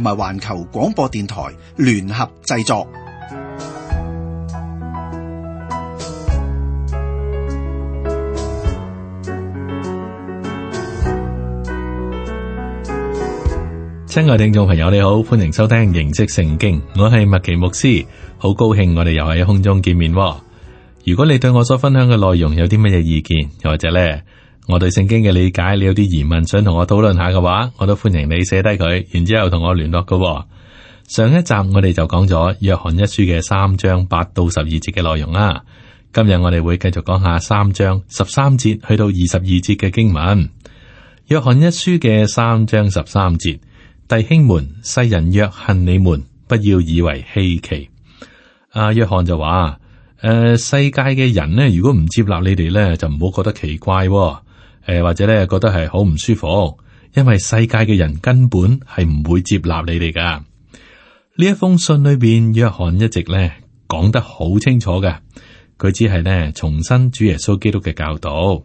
同埋環球廣播電台聯合製作。親愛聽眾朋友，你好，歡迎收聽形式聖經，我係麥奇牧師，好高興我哋又喺空中見面。如果你對我所分享嘅內容有啲乜嘢意見，又或者呢。我對聖經嘅理解，你有啲疑問想同我討論下嘅話，我都歡迎你寫低佢，然之後同我聯絡嘅、哦。上一集我哋就講咗、啊《約翰一書》嘅三章八到十二節嘅內容啦。今日我哋會繼續講下三章十三節去到二十二節嘅經文。《約翰一書》嘅三章十三節，弟兄們，世人若恨你們，不要以為稀奇。阿、啊、約翰就話：誒、呃，世界嘅人呢，如果唔接納你哋呢，就唔好覺得奇怪、哦。誒，或者咧，覺得係好唔舒服，因為世界嘅人根本係唔會接納你哋噶。呢一封信裏邊，約翰一直咧講得好清楚嘅。佢只係咧重申主耶穌基督嘅教導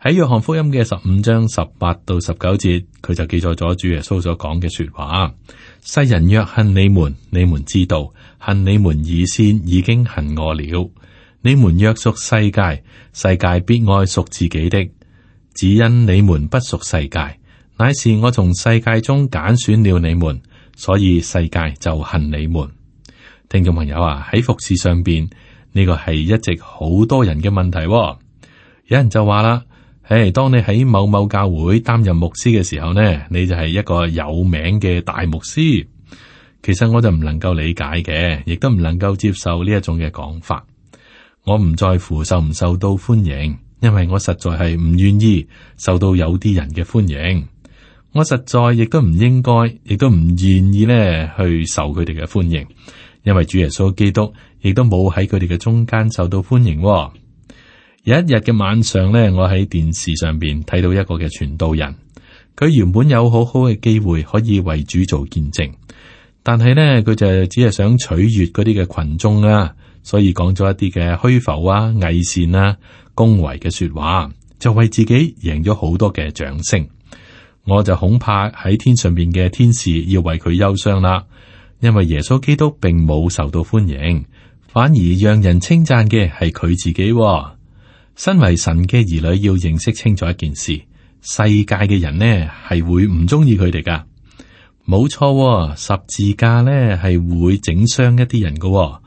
喺約翰福音嘅十五章十八到十九節，佢就記載咗主耶穌所講嘅說話。世人若恨你們，你們知道恨你們以先，已經恨我了。你們若屬世界，世界必愛屬自己的。只因你們不屬世界，乃是我從世界中揀選了你們，所以世界就恨你們。聽眾朋友啊，喺服事上邊呢、這個係一直好多人嘅問題、哦。有人就話啦：誒，當你喺某某教會擔任牧師嘅時候呢，你就係一個有名嘅大牧師。其實我就唔能夠理解嘅，亦都唔能夠接受呢一種嘅講法。我唔在乎受唔受到歡迎。因為我實在係唔願意受到有啲人嘅歡迎，我實在亦都唔應該，亦都唔願意咧去受佢哋嘅歡迎。因為主耶穌基督亦都冇喺佢哋嘅中間受到歡迎、哦。有一日嘅晚上咧，我喺電視上邊睇到一個嘅傳道人，佢原本有好好嘅機會可以為主做見證，但係咧佢就只係想取悦嗰啲嘅群眾啦、啊，所以講咗一啲嘅虛浮啊、偽善啊。恭維嘅說話就為自己贏咗好多嘅掌聲。我就恐怕喺天上面嘅天使要為佢憂傷啦，因為耶穌基督並冇受到歡迎，反而讓人稱讚嘅係佢自己喎。身為神嘅兒女，要認識清楚一件事：世界嘅人呢係會唔中意佢哋噶，冇錯喎，十字架呢係會整傷一啲人噶喎。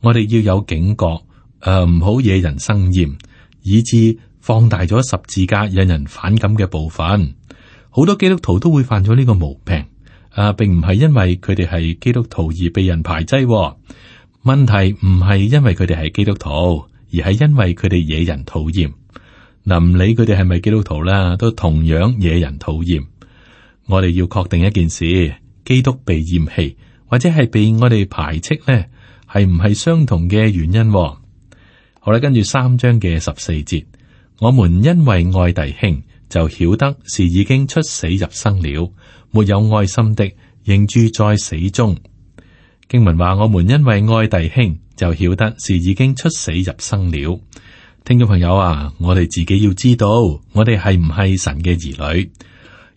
我哋要有警覺，誒唔好惹人生厭。以至放大咗十字架引人反感嘅部分，好多基督徒都會犯咗呢個毛病。啊，並唔係因為佢哋係基督徒而被人排擠，啊、問題唔係因為佢哋係基督徒，而係因為佢哋惹人討厭。嗱、啊，唔理佢哋係咪基督徒啦，都同樣惹人討厭。我哋要確定一件事：基督被嫌棄或者係被我哋排斥咧，係唔係相同嘅原因？啊我哋跟住三章嘅十四節，我們因為愛弟兄就曉得是已經出死入生了。沒有愛心的，仍住在死中。經文話：我們因為愛弟兄就曉得是已經出死入生了。聽眾朋友啊，我哋自己要知道，我哋係唔係神嘅兒女？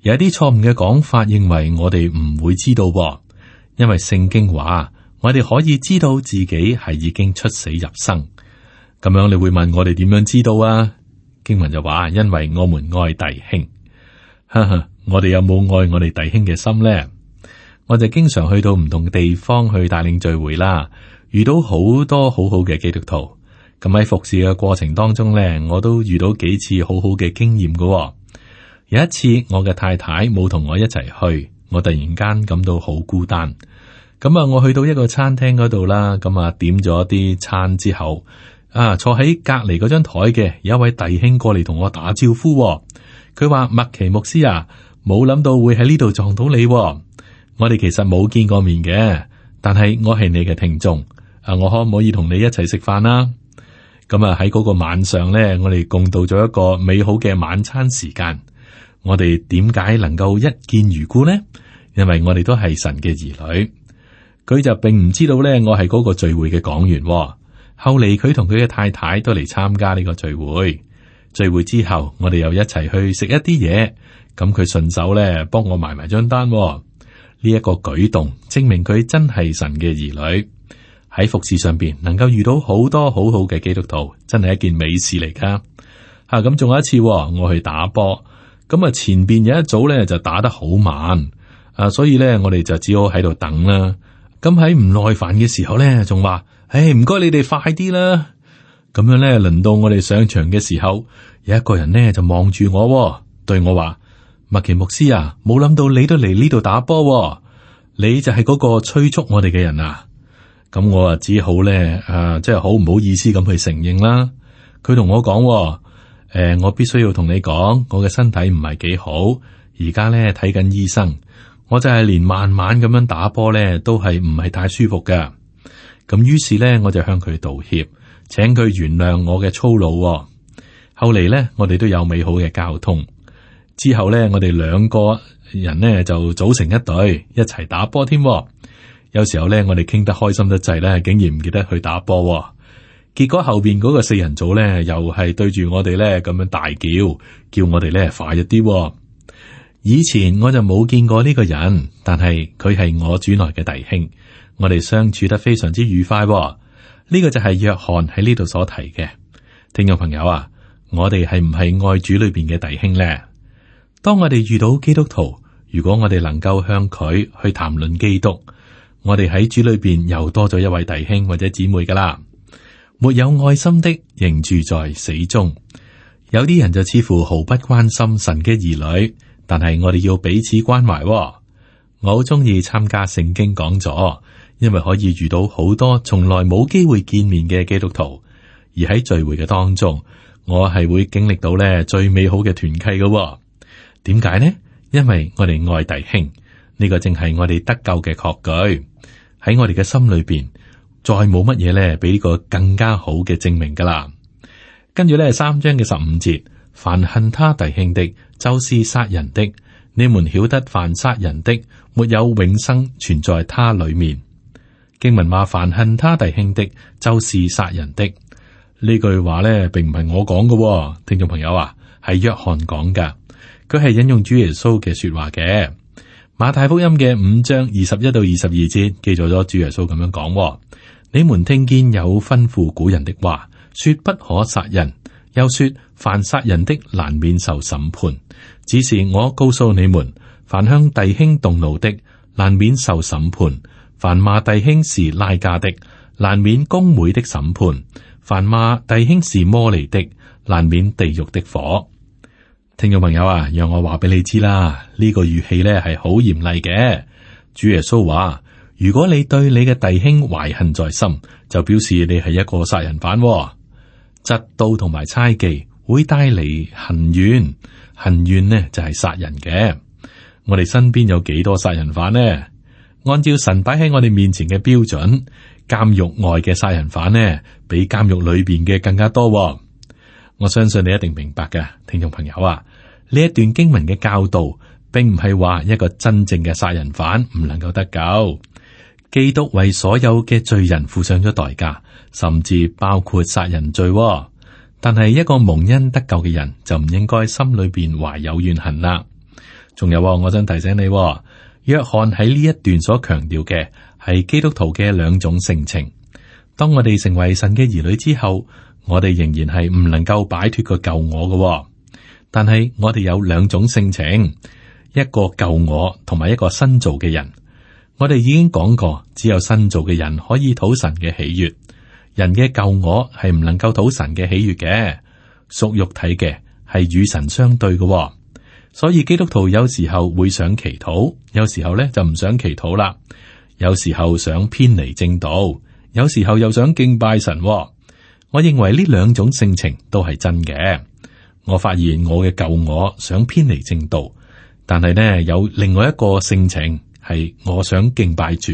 有一啲錯誤嘅講法，認為我哋唔會知道，因為聖經話我哋可以知道自己係已經出死入生。咁樣你會問我哋點樣知道啊？經文就話，因為我們愛弟兄，哈哈，我哋有冇愛我哋弟兄嘅心呢？我就經常去到唔同地方去帶領聚會啦，遇到好多好好嘅基督徒。咁喺服侍嘅過程當中呢，我都遇到幾次好好嘅經驗噶哦。有一次，我嘅太太冇同我一齊去，我突然間感到好孤單。咁啊，我去到一個餐廳嗰度啦，咁啊，點咗啲餐之後。啊！坐喺隔籬嗰張台嘅有一位弟兄過嚟同我打招呼，佢話麥奇牧師啊，冇諗到會喺呢度撞到你，啊，我哋其實冇見過面嘅，但係我係你嘅聽眾，啊，我可唔可以同你一齊食飯啦？咁啊喺嗰個晚上呢，我哋共度咗一個美好嘅晚餐時間。我哋點解能夠一見如故呢？因為我哋都係神嘅兒女，佢就並唔知道呢，我係嗰個聚會嘅講員啊。後嚟佢同佢嘅太太都嚟參加呢個聚會，聚會之後我哋又一齊去食一啲嘢，咁佢順手咧幫我埋埋張單喎。呢、這、一個舉動證明佢真係神嘅兒女，喺服侍上邊能夠遇到好多好好多好好嘅基督徒，真係一件美事嚟噶。吓，咁仲有一次、哦、我去打波，咁啊前邊有一組咧就打得好慢，啊所以咧我哋就只好喺度等啦、啊。咁喺唔耐煩嘅時候咧，仲話。唉，唔該、哎，你哋快啲啦！咁樣咧，輪到我哋上場嘅時候，有一個人咧就望住我、哦，對我話：麥奇牧師啊，冇諗到你都嚟呢度打波、哦，你就係嗰個催促我哋嘅人啊！咁我啊，只好咧，啊，即係好唔好意思咁去承認啦。佢同我講、哦：誒、呃，我必須要同你講，我嘅身體唔係幾好，而家咧睇緊醫生，我就係連慢慢咁樣打波咧，都係唔係太舒服㗎。咁於是咧，我就向佢道歉，請佢原諒我嘅粗魯。後嚟咧，我哋都有美好嘅交通。之後咧，我哋兩個人咧就組成一隊，一齊打波添。有時候咧，我哋傾得開心得滯咧，竟然唔記得去打波。結果後邊嗰個四人組咧，又係對住我哋咧咁樣大叫，叫我哋咧快一啲。以前我就冇見過呢個人，但係佢係我主內嘅弟兄。我哋相處得非常之愉快喎。呢個就係約翰喺呢度所提嘅。聽眾朋友啊，我哋係唔係愛主裏邊嘅弟兄呢？當我哋遇到基督徒，如果我哋能夠向佢去談論基督，我哋喺主裏邊又多咗一位弟兄或者姊妹噶啦。沒有愛心的，仍住在死中。有啲人就似乎毫不關心神嘅兒女，但係我哋要彼此關懷喎。我好中意參加聖經講座。因為可以遇到好多從來冇機會見面嘅基督徒，而喺聚會嘅當中，我係會經歷到咧最美好嘅團契嘅，哦。點解呢？因為我哋愛弟兄呢，呢個正係我哋得救嘅確據。喺我哋嘅心裏邊，再冇乜嘢咧，比呢個更加好嘅證明噶啦。跟住咧，三章嘅十五節，凡恨他弟兄的，周，就是殺人的。你們曉得，凡殺人的，沒有永生存在他裏面。經文話：凡恨他弟兄的，就是殺人的。呢句話呢，並唔係我講嘅、哦，聽眾朋友啊，係約翰講噶。佢係引用主耶穌嘅說話嘅。馬太福音嘅五章二十一到二十二節記載咗主耶穌咁樣講、哦：你們聽見有吩咐古人的話，說不可殺人，又說凡殺人的難免受審判。只是我告訴你們，凡向弟兄動怒的，難免受審判。凡罵弟兄是拉加的，難免公會的審判；凡罵弟兄是魔利的，難免地獄的火。聽眾朋友啊，讓我話俾你知啦，呢、這個語氣咧係好嚴厲嘅。主耶穌話：如果你對你嘅弟兄懷恨在心，就表示你係一個殺人犯、哦。嫉妒同埋猜忌會帶嚟恨怨，恨怨呢就係殺人嘅。我哋身邊有幾多殺人犯呢？按照神擺喺我哋面前嘅標準，監獄外嘅殺人犯呢，比監獄裏邊嘅更加多，哦。我相信你一定明白嘅，聽眾朋友啊，呢一段經文嘅教導，並唔係話一個真正嘅殺人犯唔能夠得救。基督為所有嘅罪人付上咗代價，甚至包括殺人罪，哦。但係一個蒙恩得救嘅人，就唔應該心裏邊懷有怨恨啦。仲有，啊，我想提醒你，哦。約翰喺呢一段所強調嘅係基督徒嘅兩種性情。當我哋成為神嘅兒女之後，我哋仍然係唔能夠擺脫個舊我嘅，哦。但係我哋有兩種性情，一個舊我同埋一個新造嘅人。我哋已經講過，只有新造嘅人可以討神嘅喜悅。人嘅舊我係唔能夠討神嘅喜悅嘅，屬肉體嘅係與神相對嘅哦。所以基督徒有時候會想祈禱，有時候咧就唔想祈禱啦。有時候想偏離正道，有時候又想敬拜神哦。我認為呢兩種性情都係真嘅。我發現我嘅舊我想偏離正道，但係呢，有另外一個性情係我想敬拜主。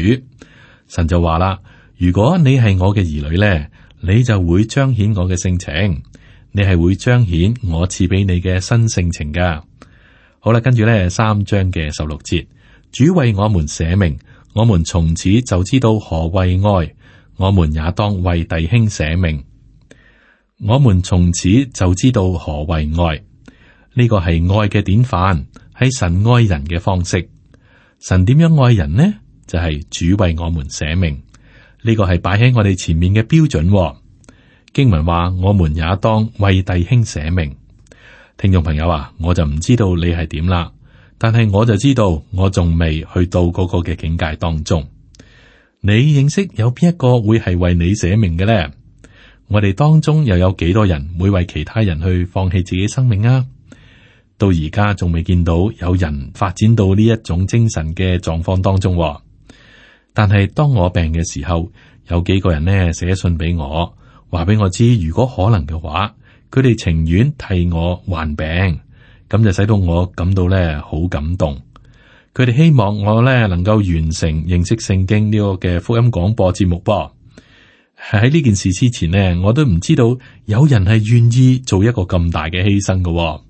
神就話啦：如果你係我嘅兒女呢，你就會彰顯我嘅性情，你係會彰顯我賜俾你嘅新性情噶。好啦，跟住咧三章嘅十六節，主為我們捨命，我們從此就知道何為愛，我們也當為弟兄捨命，我們從此就知道何為愛。呢個係愛嘅典範，係神愛人嘅方式。神點樣愛人呢？就係主為我們捨命，呢個係擺喺我哋前面嘅標準哦。經文話，我們也當為弟兄捨命。聽眾朋友啊，我就唔知道你係點啦，但係我就知道我仲未去到嗰個嘅境界當中。你認識有邊一個會係為你捨命嘅咧？我哋當中又有幾多人會為其他人去放棄自己生命啊？到而家仲未見到有人發展到呢一種精神嘅狀況當中啊。但係當我病嘅時候，有幾個人呢，寫信俾我，話俾我知如果可能嘅話。佢哋情願替我患病，咁就使到我感到咧好感動。佢哋希望我咧能夠完成認識聖經呢個嘅福音廣播節目噃。喺呢件事之前呢，我都唔知道有人係願意做一個咁大嘅犧牲嘅喎。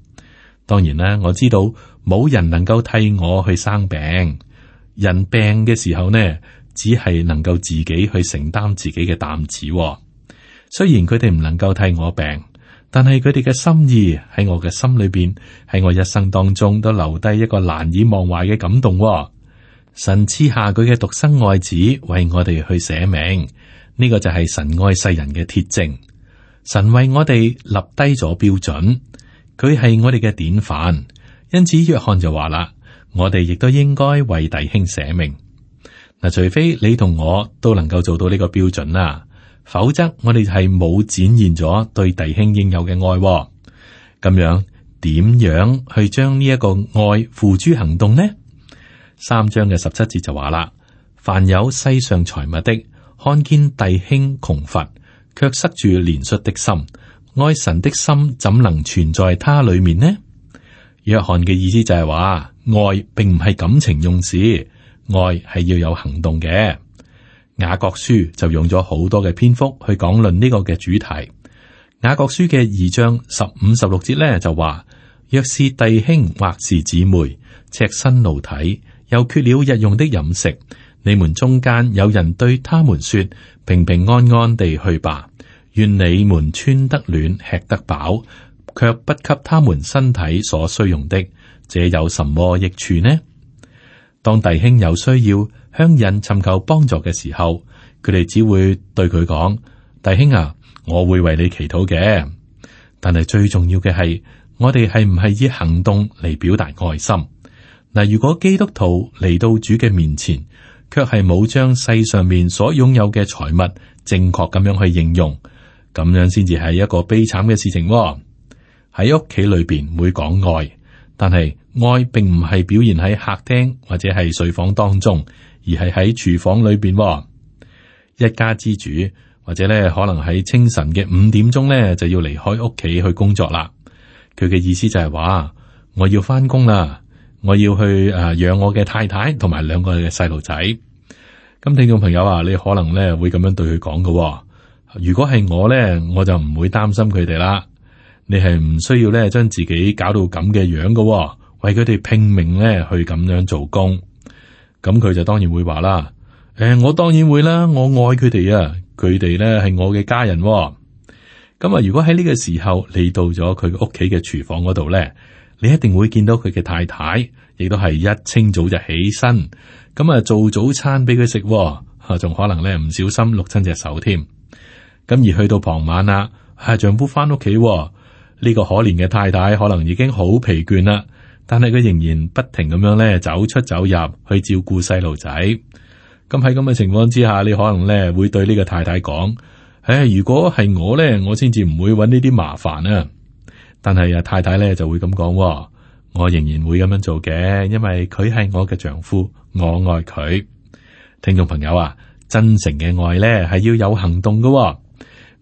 當然啦，我知道冇人能夠替我去生病。人病嘅時候呢，只係能夠自己去承擔自己嘅擔子喎。雖然佢哋唔能夠替我病，但係佢哋嘅心意喺我嘅心裏邊，喺我一生當中都留低一個難以忘懷嘅感動，哦。神賜下佢嘅獨生愛子為我哋去捨命，呢，這個就係神愛世人嘅鐵證。神為我哋立低咗標準，佢係我哋嘅典範。因此，約翰就話啦：我哋亦都應該為弟兄捨命。嗱，啊，除非你同我都能夠做到呢個標準啦，啊。否則我哋係冇展現咗對弟兄應有嘅愛喎，咁樣點樣去將呢一個愛付諸行動呢？三章嘅十七節就話啦：凡有世上財物的，看見弟兄窮乏，却塞住憐恤的心，愛神的心怎能存在他裏面呢？約翰嘅意思就係話，愛並唔係感情用事，愛係要有行動嘅。雅各書就用咗好多嘅篇幅去講論呢個嘅主題。雅各書嘅二章十五、十六節呢，就話：若是弟兄或是姊妹，赤身露體，又缺了日用的飲食，你們中間有人對他們說：平平安安地去吧，願你們穿得暖、吃得飽，卻不給他們身體所需用的，這有什麼益處呢？當弟兄有需要，向人尋求幫助嘅時候，佢哋只會對佢講：弟兄啊，我會為你祈禱嘅。但係最重要嘅係，我哋係唔係以行動嚟表達愛心？嗱，如果基督徒嚟到主嘅面前，卻係冇將世上面所擁有嘅財物正確咁樣去應用，咁樣先至係一個悲慘嘅事情。喺屋企裏邊會講愛。但係愛並唔係表現喺客廳或者係睡房當中，而係喺廚房裏邊、哦。一家之主或者咧可能喺清晨嘅五點鐘咧就要離開屋企去工作啦。佢嘅意思就係話我要翻工啦，我要去誒養、啊、我嘅太太同埋兩個嘅細路仔。咁聽眾朋友啊，你可能咧會咁樣對佢講嘅。如果係我咧，我就唔會擔心佢哋啦。你係唔需要咧，將自己搞到咁嘅樣㗎，為佢哋拼命咧去咁樣做工，咁佢就當然會話啦。誒、eh,，我當然會啦，我愛佢哋啊，佢哋咧係我嘅家人。咁啊，如果喺呢個時候你到咗佢屋企嘅廚房嗰度咧，你一定會見到佢嘅太太，亦都係一清早就起身，咁啊做早餐俾佢食，啊，仲可能咧唔小心碌親隻手添。咁而去到傍晚啦，係、啊、丈夫返屋企。呢個可憐嘅太太可能已經好疲倦啦，但係佢仍然不停咁樣咧走出走入去照顧細路仔。咁喺咁嘅情況之下，你可能咧會對呢個太太講：唉、哎，如果係我咧，我先至唔會搵呢啲麻煩啊。但係啊，太太咧就會咁講：我仍然會咁樣做嘅，因為佢係我嘅丈夫，我愛佢。聽眾朋友啊，真誠嘅愛咧係要有行動噶。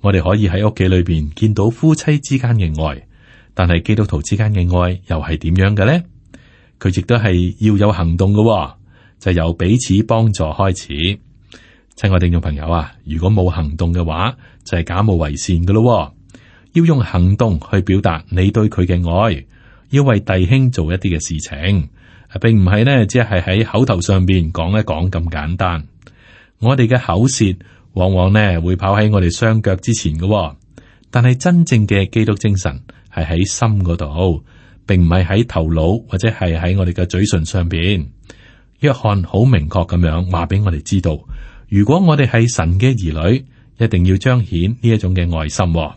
我哋可以喺屋企裏邊見到夫妻之間嘅愛，但係基督徒之間嘅愛又係點樣嘅呢？佢亦都係要有行動嘅，哦，就是，由彼此幫助開始。親愛聽眾朋友啊，如果冇行動嘅話，就係，是，假冒為善嘅咯，哦。要用行動去表達你對佢嘅愛，要為弟兄做一啲嘅事情，啊，並唔係呢，只係喺口頭上面講一講咁簡單。我哋嘅口舌，往往呢會跑喺我哋雙腳之前噶、哦，但係真正嘅基督精神係喺心嗰度，並唔係喺頭腦或者係喺我哋嘅嘴唇上邊。約翰好明確咁樣話俾我哋知道，如果我哋係神嘅兒女，一定要彰顯呢一種嘅愛心、哦。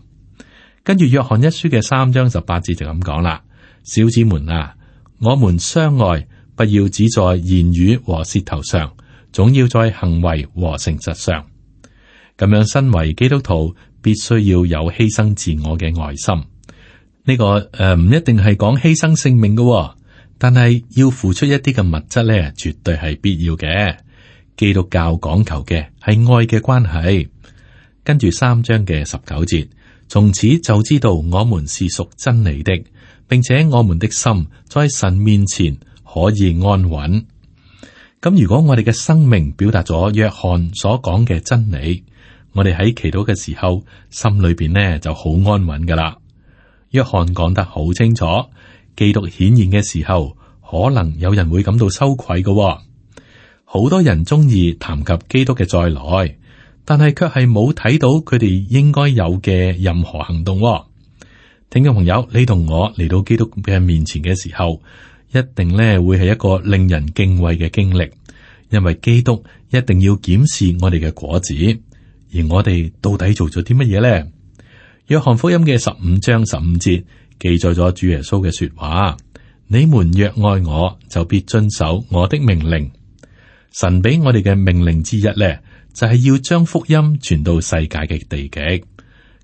跟住，約翰一書嘅三章十八字就咁講啦：小子們啊，我們相愛，不要只在言語和舌頭上，總要在行為和誠實上。咁樣，身為基督徒，必須要有犧牲自我嘅愛心。呢、這個誒唔、呃、一定係講犧牲性命嘅、哦，但係要付出一啲嘅物質呢，絕對係必要嘅。基督教講求嘅係愛嘅關係。跟住三章嘅十九節，從此就知道我們是屬真理的，並且我們的心在神面前可以安穩。咁、嗯、如果我哋嘅生命表達咗約翰所講嘅真理。我哋喺祈禱嘅時候，心裏邊呢就好安穩噶啦。約翰講得好清楚，基督顯現嘅時候，可能有人會感到羞愧噶、哦。好多人中意談及基督嘅再來，但係卻係冇睇到佢哋應該有嘅任何行動、哦。聽眾朋友，你同我嚟到基督嘅面前嘅時候，一定呢會係一個令人敬畏嘅經歷，因為基督一定要檢視我哋嘅果子。而我哋到底做咗啲乜嘢咧？約翰福音嘅十五章十五節記載咗主耶穌嘅說話：你們若愛我，就必遵守我的命令。神俾我哋嘅命令之一咧，就係要將福音傳到世界嘅地極。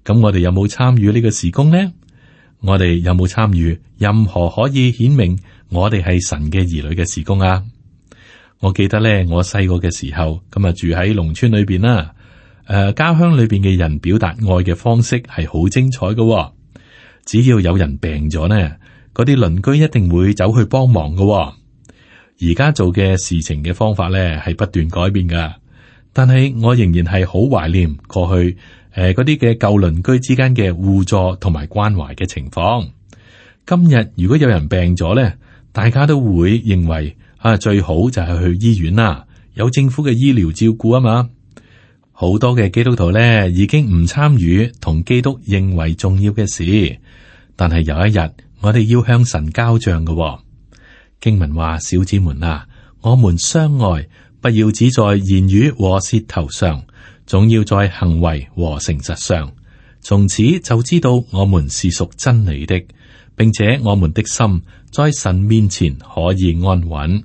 咁我哋有冇參與呢個時工呢？我哋有冇參與任何可以顯明我哋係神嘅兒女嘅時工啊？我記得咧，我細個嘅時候咁啊，今日住喺農村裏邊啦。誒，家鄉裏邊嘅人表達愛嘅方式係好精彩㗎喎。只要有人病咗呢，嗰啲鄰居一定會走去幫忙㗎喎。而家做嘅事情嘅方法呢，係不斷改變噶。但係我仍然係好懷念過去誒嗰啲嘅舊鄰居之間嘅互助同埋關懷嘅情況。今日如果有人病咗呢，大家都會認為啊，最好就係去醫院啦，啊，有政府嘅醫療照顧啊嘛。好多嘅基督徒咧，已經唔參與同基督認為重要嘅事，但係有一日，我哋要向神交賬㗎喎。經文話：小子們啊，我們相愛，不要只在言語和舌頭上，總要在行為和誠實上。從此就知道我們是屬真理的，並且我們的心在神面前可以安穩。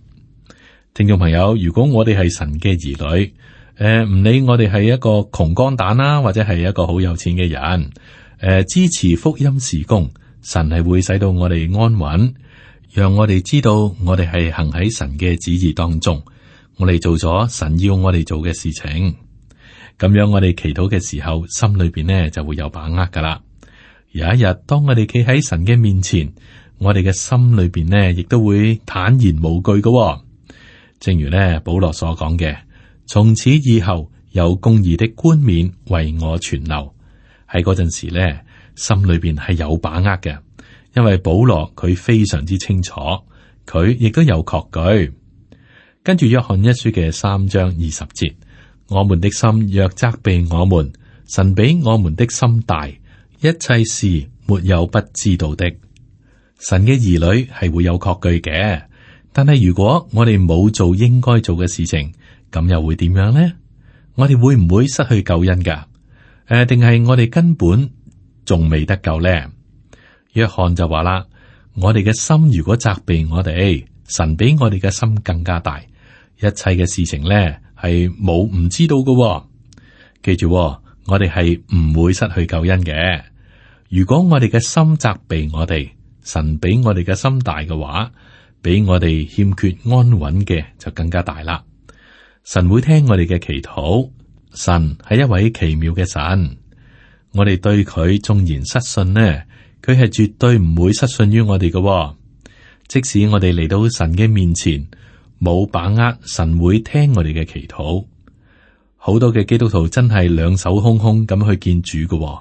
聽眾朋友，如果我哋係神嘅兒女。誒，唔、呃、理，我哋係一個窮光蛋啦，啊，或者係一個好有錢嘅人，誒、呃，支持福音事工，神係會使到我哋安穩，讓我哋知道我哋係行喺神嘅旨意當中，我哋做咗神要我哋做嘅事情，咁樣我哋祈禱嘅時候，心裏邊呢就會有把握噶啦。有一日，當我哋企喺神嘅面前，我哋嘅心裏邊呢，亦都會坦然無懼噶，哦。正如呢保羅所講嘅。從此以後有公義的冠冕為我存留。喺嗰陣時呢，心裏邊係有把握嘅，因為保羅佢非常之清楚，佢亦都有確據。跟住約翰一書嘅三章二十節，我們的心若責備我們，神比我們的心大，一切事沒有不知道的。神嘅兒女係會有確據嘅，但係如果我哋冇做應該做嘅事情。咁又會點樣呢？我哋會唔會失去救恩㗎？誒呃，定係我哋根本仲未得救呢？約翰就話啦：我哋嘅心如果責備我哋，神比我哋嘅心更加大。一切嘅事情呢係冇唔知道嘅哦。記住哦，我哋係唔會失去救恩嘅。如果我哋嘅心責備我哋，神比我哋嘅心大嘅話，比我哋欠缺安穩嘅就更加大啦。神會聽我哋嘅祈禱，神係一位奇妙嘅神。我哋對佢縱然失信呢，佢係絕對唔會失信於我哋嘅。即使我哋嚟到神嘅面前，冇把握，神會聽我哋嘅祈禱。好多嘅基督徒真係兩手空空咁去見主嘅。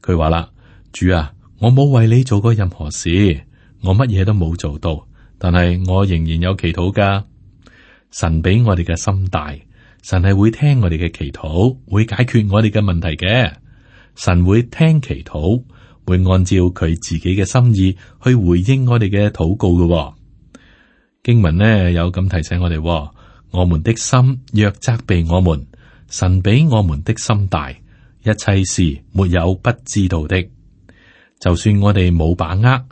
佢話啦：「主啊，我冇為你做過任何事，我乜嘢都冇做到，但係我仍然有祈禱噶。神比我哋嘅心大，神係會聽我哋嘅祈禱，會解決我哋嘅問題嘅。神會聽祈禱，會按照佢自己嘅心意去回應我哋嘅禱告嘅、哦。經文呢有咁提醒我哋、哦：「我們的心若責備我們，神比我們的心大，一切事沒有不知道的。就算我哋冇把握，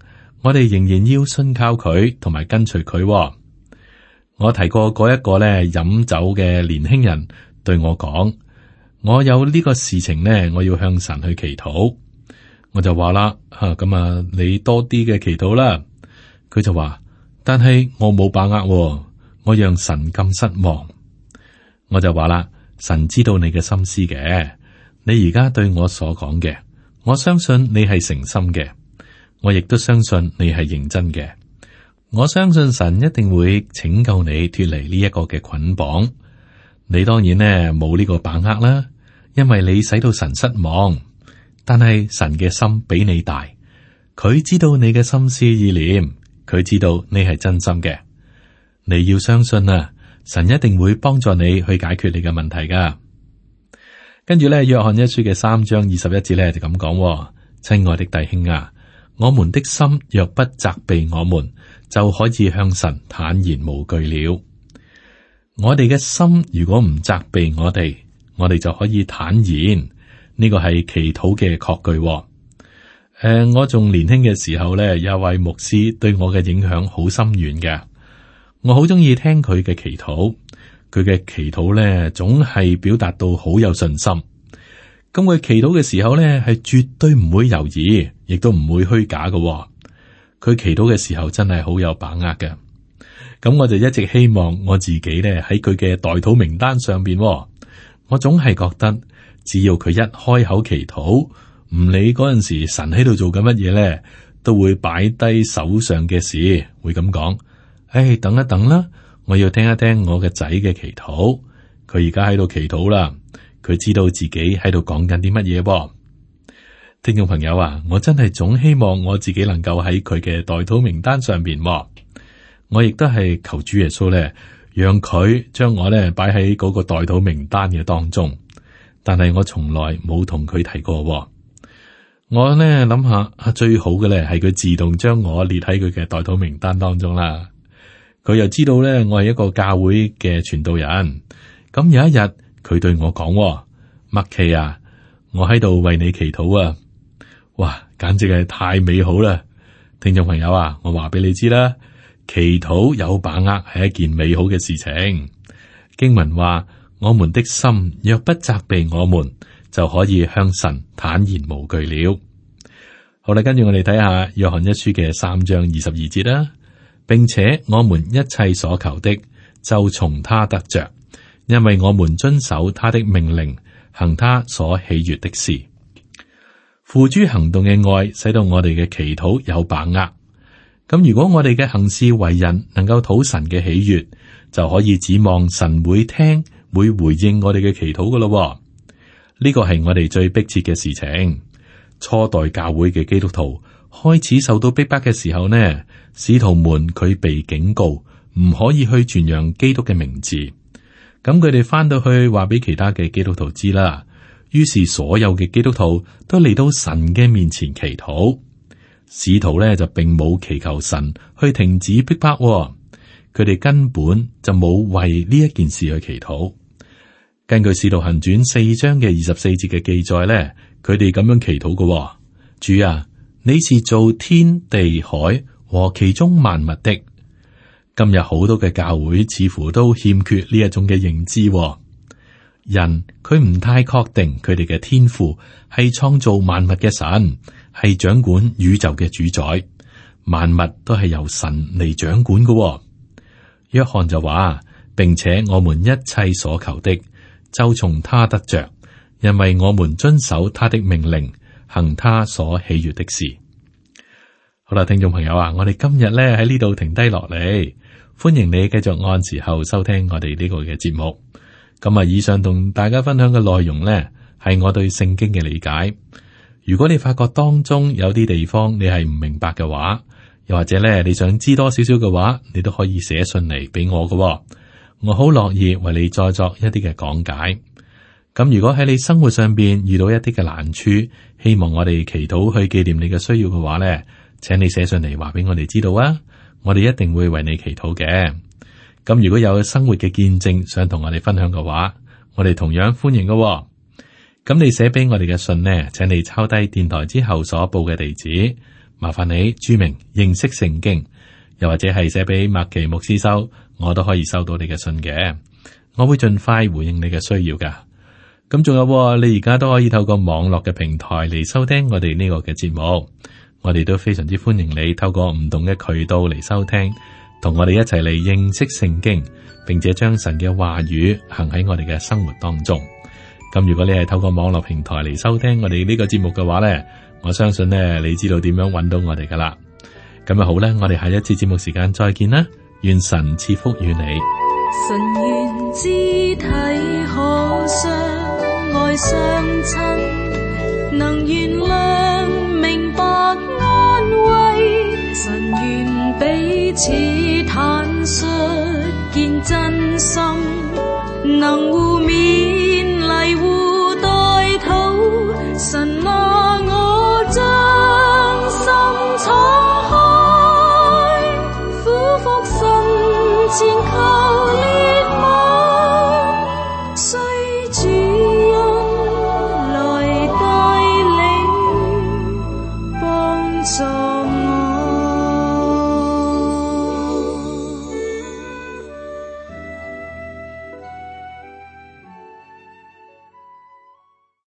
我哋仍然要信靠佢，同埋跟隨佢、哦。我提過嗰一個咧，飲酒嘅年輕人，對我講：我有呢個事情呢，我要向神去祈禱。我就話啦，吓咁啊，你多啲嘅祈禱啦。佢就話：但係我冇把握、哦，我讓神咁失望。我就話啦，神知道你嘅心思嘅，你而家對我所講嘅，我相信你係誠心嘅，我亦都相信你係認真嘅。我相信神一定會拯救你脱離呢一個嘅捆綁。你當然咧冇呢個把握啦，因為你使到神失望。但係神嘅心比你大，佢知道你嘅心思意念，佢知道你係真心嘅。你要相信啊，神一定會幫助你去解決你嘅問題噶。跟住咧，約翰一書嘅三章二十一節咧就咁講：親愛的弟兄啊，我們的心若不責備我們。就可以向神坦然無懼了。我哋嘅心如果唔責備我哋，我哋就可以坦然。呢、這個係祈禱嘅確據。誒、呃，我仲年輕嘅時候呢，有位牧師對我嘅影響好深遠嘅。我好中意聽佢嘅祈禱，佢嘅祈禱呢，總係表達到好有信心。咁佢祈禱嘅時候呢，係絕對唔會猶豫，亦都唔會虛假嘅，哦。佢祈禱嘅時候真係好有把握嘅，咁我就一直希望我自己咧喺佢嘅代禱名單上邊。我總係覺得，只要佢一開口祈禱，唔理嗰陣時神喺度做緊乜嘢咧，都會擺低手上嘅事，會咁講。唉、哎，等一等啦，我要聽一聽我嘅仔嘅祈禱。佢而家喺度祈禱啦，佢知道自己喺度講緊啲乜嘢。聽眾朋友啊，我真係總希望我自己能夠喺佢嘅代禱名單上邊，哦，我亦都係求主耶穌咧，讓佢將我咧擺喺嗰個代禱名單嘅當中。但係我從來冇同佢提過，哦。我咧諗下啊，最好嘅咧係佢自動將我列喺佢嘅代禱名單當中啦。佢又知道咧，我係一個教會嘅傳道人。咁有一日，佢對我講，哦，麥琪啊，我喺度為你祈禱啊。哇，簡直係太美好啦！聽眾朋友啊，我話俾你知啦，祈禱有把握係一件美好嘅事情。經文話：我們的心若不責備我們，就可以向神坦然無懼了。好啦，跟住我哋睇下約翰一書嘅三章二十二節啦，並且我們一切所求的就從他得着，因為我們遵守他的命令，行他所喜悅的事。付諸行動嘅愛，使到我哋嘅祈禱有把握。咁如果我哋嘅行事為人能夠討神嘅喜悦，就可以指望神會聽，會回應我哋嘅祈禱噶咯。呢個係我哋最迫切嘅事情。初代教會嘅基督徒開始受到逼迫嘅時候呢，使徒們佢被警告唔可以去傳揚基督嘅名字。咁佢哋返到去話俾其他嘅基督徒知啦。於是，所有嘅基督徒都嚟到神嘅面前祈禱。使徒咧就並冇祈求神去停止逼迫、哦，佢哋根本就冇為呢一件事去祈禱。根據《使徒行傳》四章嘅二十四節嘅記載咧，佢哋咁樣祈禱嘅、哦。主啊，你是做天地海和其中萬物的。今日好多嘅教會似乎都欠缺呢一種嘅認知、哦。人佢唔太確定佢哋嘅天父係創造萬物嘅神，係掌管宇宙嘅主宰，萬物都係由神嚟掌管嘅、哦。約翰就話，並且我們一切所求的就從他得着，因為我們遵守他的命令，行他所喜悦的事。好啦，聽眾朋友啊，我哋今日咧喺呢度停低落嚟，歡迎你繼續按時候收聽我哋呢個嘅節目。咁啊，以上同大家分享嘅內容咧，係我對聖經嘅理解。如果你發覺當中有啲地方你係唔明白嘅話，又或者咧，你想知多少少嘅話，你都可以寫信嚟俾我嘅。我好樂意為你再作一啲嘅講解。咁如果喺你生活上邊遇到一啲嘅難處，希望我哋祈禱去紀念你嘅需要嘅話咧，請你寫信嚟話俾我哋知道啊！我哋一定會為你祈禱嘅。咁如果有生活嘅見證想同我哋分享嘅話，我哋同樣歡迎嘅、哦。咁你寫俾我哋嘅信呢，請你抄低電台之後所報嘅地址，麻煩你注明認識聖經，又或者係寫俾麥奇牧師收，我都可以收到你嘅信嘅。我會盡快回應你嘅需要噶。咁仲有、哦，你而家都可以透過網絡嘅平台嚟收聽我哋呢個嘅節目，我哋都非常之歡迎你透過唔同嘅渠道嚟收聽。同我哋一齊嚟認識聖經，並且將神嘅話語行喺我哋嘅生活當中。咁如果你係透過網絡平台嚟收聽我哋呢個節目嘅話咧，我相信咧，你知道點樣揾到我哋噶啦。咁啊好咧，我哋下一次節目時間再見啦，願神賜福與你。可相愛相親能神願彼此坦率見真心，能互勉。